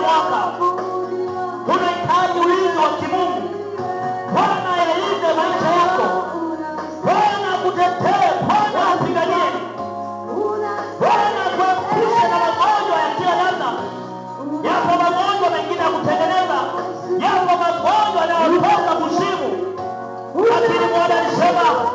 mwaka unahitaji ulinzi wa kimungu. Bwana yalinde maisha yako, Bwana kutetee Bwana apiganie, Bwana akuepushe na magonjwa ya kila namna. Yapo magonjwa mengine ya kutengeneza, yapo magonjwa yanayotoka kuzimu, lakini Bwana alisema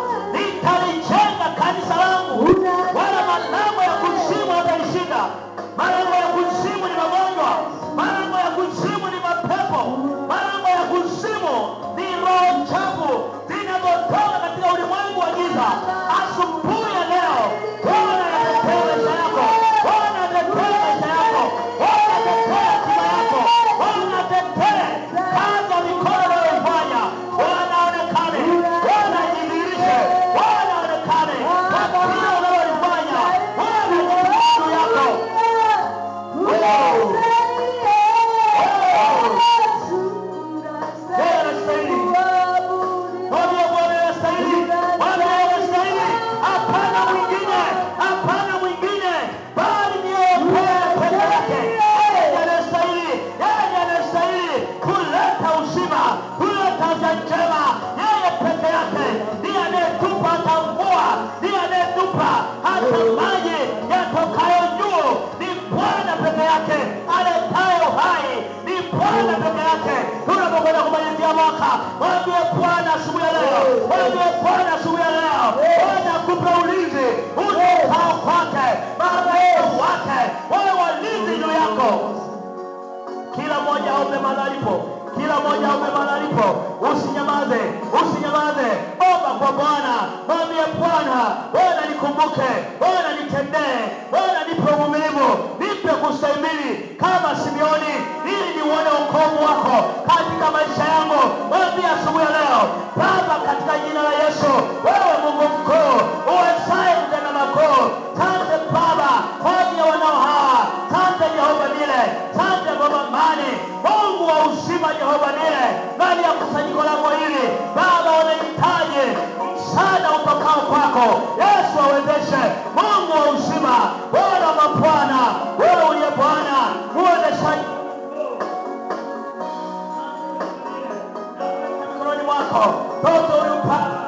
hata maji yatokayo juu ni Bwana peke yake aletayo hai, ni Bwana peke yake. Tunapokwenda kumalizia mwaka, mwambie Bwana asubuhi ya leo, mwambie Bwana asubuhi ya leo, Bwana kupe ulinzi utokao kwake, marehemu wake wawe walinzi juu yako. Kila mmoja aombe mahali alipo kila mmoja aombe mahali alipo, usinyamaze, usinyamaze, omba kwa Bwana, mwambie Bwana wewe nikumbuke, Bwana nitendee, Bwana nipe uvumilivu, nipe kustahimili kama Simeoni, ili niuone wokovu wako katika maisha yangu. Mwambie asubuhi ya leo, Baba, katika jina la Yesu, wewe Mungu mkuu uwezaye kutenda makuu, sante Baba kwa ajili ya wanao hawa, sante Jehova Nile, sante Baba Mani, Mungu wa uzima, Jehova Nile Yesu Mungu wa uzima, wewe na mapwana, wewe uliye Bwana muwezeshaji mkononi mwako toto uliupata